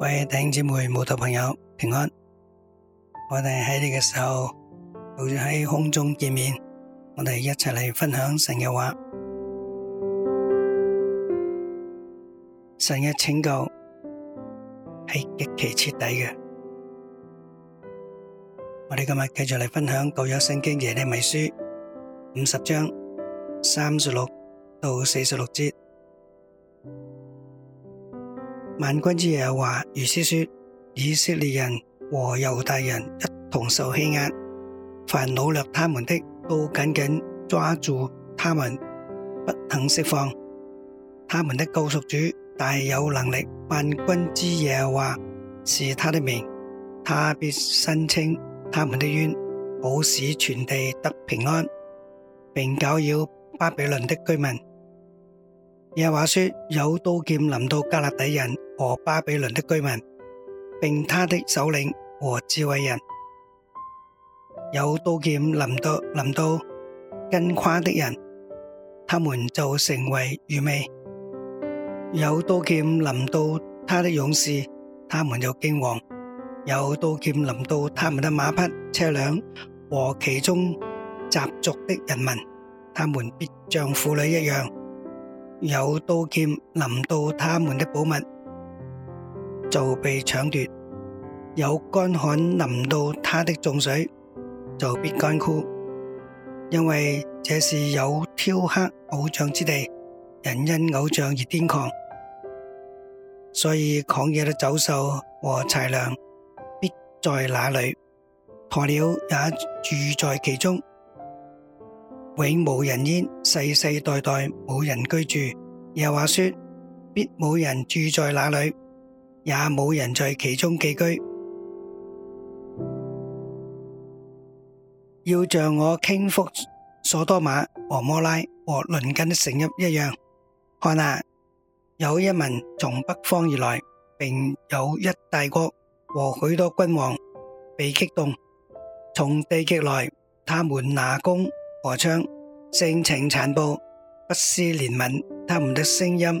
各位弟兄姊妹、慕道朋友，平安！我哋喺呢個時候，好似喺空中見面，我哋一齊嚟分享神嘅話。神嘅拯救係極其徹底嘅。我哋今日繼續嚟分享舊約聖經耶利米書五十章三十六到四十六節。萬軍之耶和華如此說：以色列人和猶大人一同受欺壓，凡擄掠他們的，都緊緊抓住他們，不肯釋放。他們的救贖主大有能力。萬軍之耶和華是他的名，他必伸清他們的冤，保使全地得平安，並攪擾巴比倫的居民。耶和華說：有刀劍臨到迦勒底人。和巴比倫的居民，並他的首領和智慧人，有刀劍臨到臨到矜誇的人，他們就成為愚昧；有刀劍臨到他的勇士，他們就驚惶；有刀劍臨到他們的馬匹、車輛和其中雜族的人民，他們必像婦女一樣；有刀劍臨到他們的寶物。就被搶奪，有乾旱臨到他的眾水，就必乾枯，因為這是有雕刻偶像之地，人因偶像而癲狂，所以狂野的走獸和豺狼必在那裏，鴕鳥也住在其中，永無人煙，世世代代冇人居住。又話說，必冇人住在那裏。也冇人在其中寄居，要像我傾覆所多瑪和摩拉和鄰近的城邑一,一樣。看啊，有一民從北方而來，並有一大國和許多君王被激動，從地極來，他們拿弓和槍，性情殘暴，不施憐憫，他們的聲音。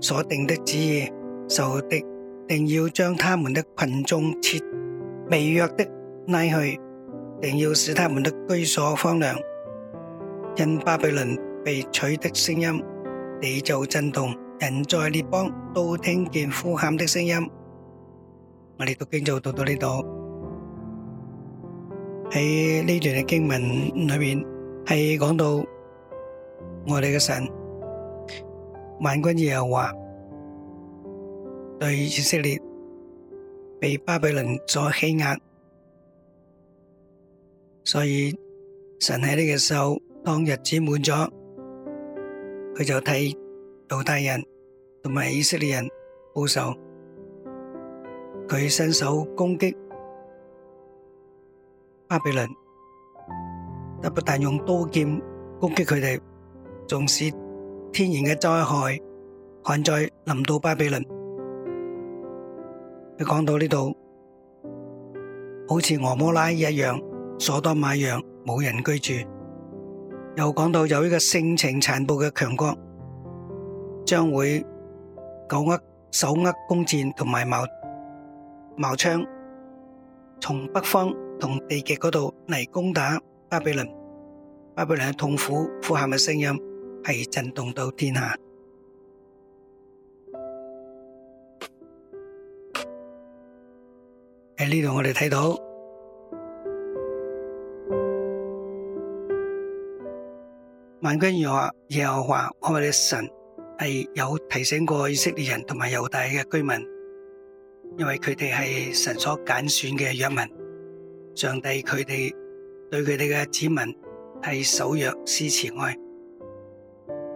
所定的旨意，仇敵定要將他們的群眾切微弱的拉去，定要使他們的居所荒涼。因巴比倫被取的聲音，地就震動，人在列邦都聽見呼喊的聲音。我哋讀經就讀到呢度，喺呢段嘅經文裏面係講到我哋嘅神。萬軍之耶和華，對以色列被巴比倫所欺壓，所以神喺呢個時候，當日子滿咗，佢就替猶太人同埋以色列人報仇，佢伸手攻擊巴比倫，不但用刀劍攻擊佢哋，仲使。天然嘅災害、旱災臨到巴比倫，佢講到呢度，好似俄摩拉一樣，所多瑪一樣冇人居住。又講到有一個性情殘暴嘅強國，將會手握手握弓箭同埋矛矛槍，從北方同地極嗰度嚟攻打巴比倫。巴比倫嘅痛苦呼喊嘅聲音。係震動到天下喺呢度，我哋睇到萬軍如話耶和華，我哋嘅神係有提醒過以色列人同埋猶大嘅居民，因為佢哋係神所揀選嘅約民。上帝佢哋對佢哋嘅子民係守約施慈愛。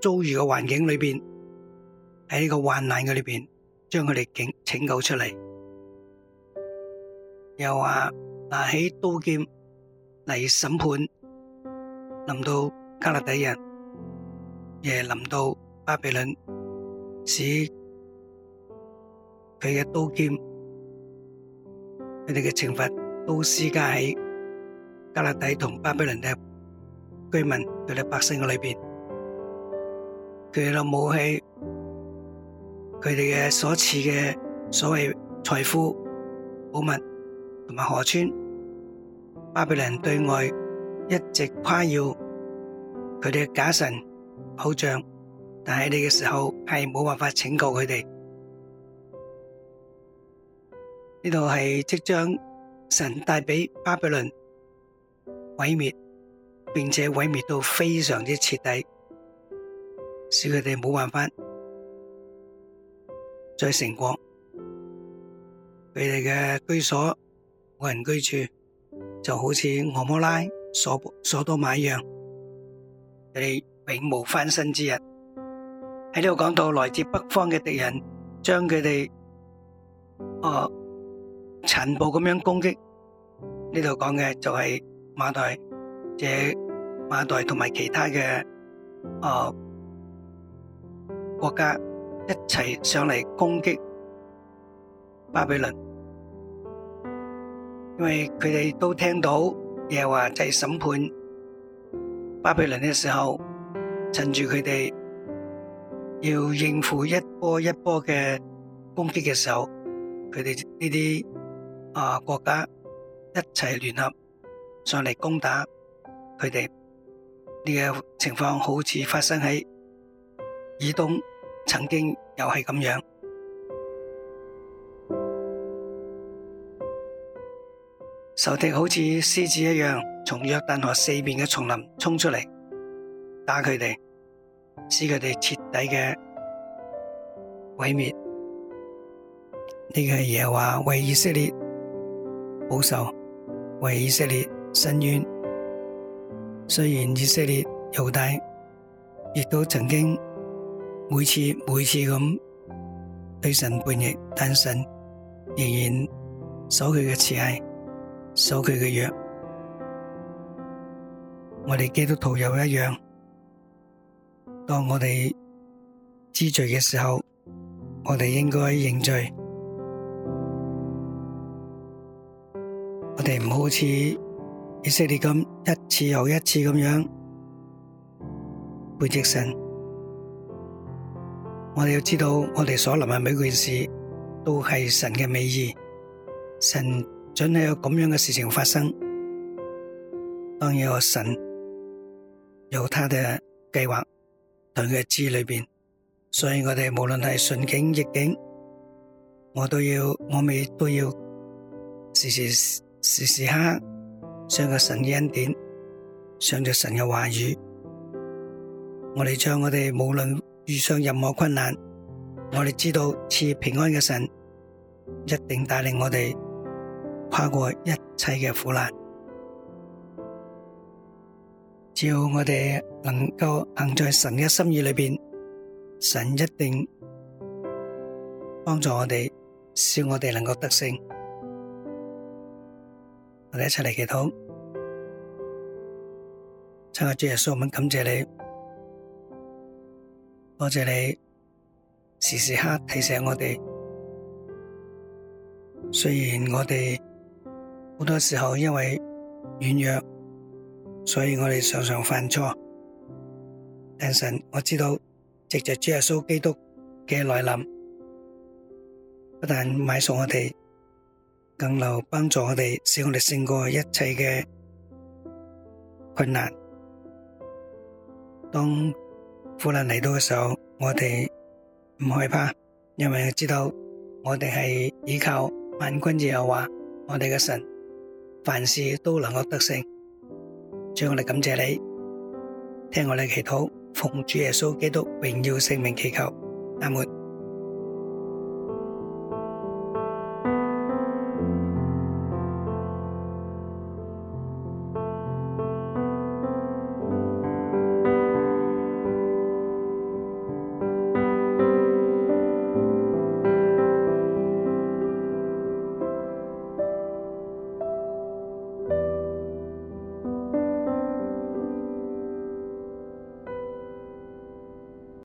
遭遇嘅環境裏邊，喺呢個患難嘅裏邊，將佢哋拯拯救出嚟，又話拿起刀劍嚟審判，臨到加勒底人，亦係臨到巴比倫，使佢嘅刀劍，佢哋嘅懲罰都施加喺加勒底同巴比倫嘅居民，佢哋百姓嘅裏邊。佢哋嘅武器，佢哋嘅所持嘅所謂財富、寶物同埋河川，巴比倫對外一直誇耀佢哋嘅假神偶像，但係呢個時候係冇辦法拯救佢哋。呢度係即將神帶畀巴比倫毀滅，並且毀滅到非常之徹底。使佢哋冇辦法再成國，佢哋嘅居所，冇人居住，就好似俄摩拉鎖、索索多瑪一樣，佢哋永無翻身之日。喺呢度講到來自北方嘅敵人將，將佢哋誒殘暴咁樣攻擊。呢度講嘅就係馬代，即馬代同埋其他嘅誒。哦國家一齊上嚟攻擊巴比倫，因為佢哋都聽到耶和華就喺審判巴比倫嘅時候，趁住佢哋要應付一波一波嘅攻擊嘅時候，佢哋呢啲啊國家一齊聯合上嚟攻打佢哋呢個情況，好似發生喺。以東曾經又係咁樣，仇敵好似獅子一樣，從約旦河四邊嘅叢林衝出嚟，打佢哋，使佢哋徹底嘅毀滅。呢個耶和華為以色列保守，為以色列伸冤。雖然以色列猶大亦都曾經。每次每次咁對神叛逆，但神仍然守佢嘅慈愛，守佢嘅約。我哋基督徒又一樣，當我哋知罪嘅時候，我哋應該認罪。我哋唔好似以色列咁一,一次又一次咁樣叛逆神。我哋要知道，我哋所臨嘅每件事都係神嘅美意，神准係有咁樣嘅事情發生。當然神，有神有他嘅計劃同佢嘅旨意裏面，所以我哋無論係順境逆境，我都要我哋都要時時時時刻刻想個神嘅恩典，想着神嘅話語。我哋將我哋無論。遇上任何困難，我哋知道賜平安嘅神一定帶領我哋跨過一切嘅苦難。只要我哋能夠行在神嘅心意裏邊，神一定幫助我哋，使我哋能夠得勝。我哋一齊嚟祈禱，親愛嘅主耶穌，我們感謝你。多謝你時時刻提醒我哋，雖然我哋好多時候因為軟弱，所以我哋常常犯錯，但神我知道，藉着主耶穌基督嘅來臨，不但買贖我哋，更留幫助我哋，使我哋勝過一切嘅困難。當苦難嚟到嘅時候，我哋唔害怕，因為知道我哋係依靠萬軍之耶和華，我哋嘅神，凡事都能夠得勝。主我哋感謝你，聽我哋祈禱，奉主耶穌基督榮耀聖名祈求，阿門。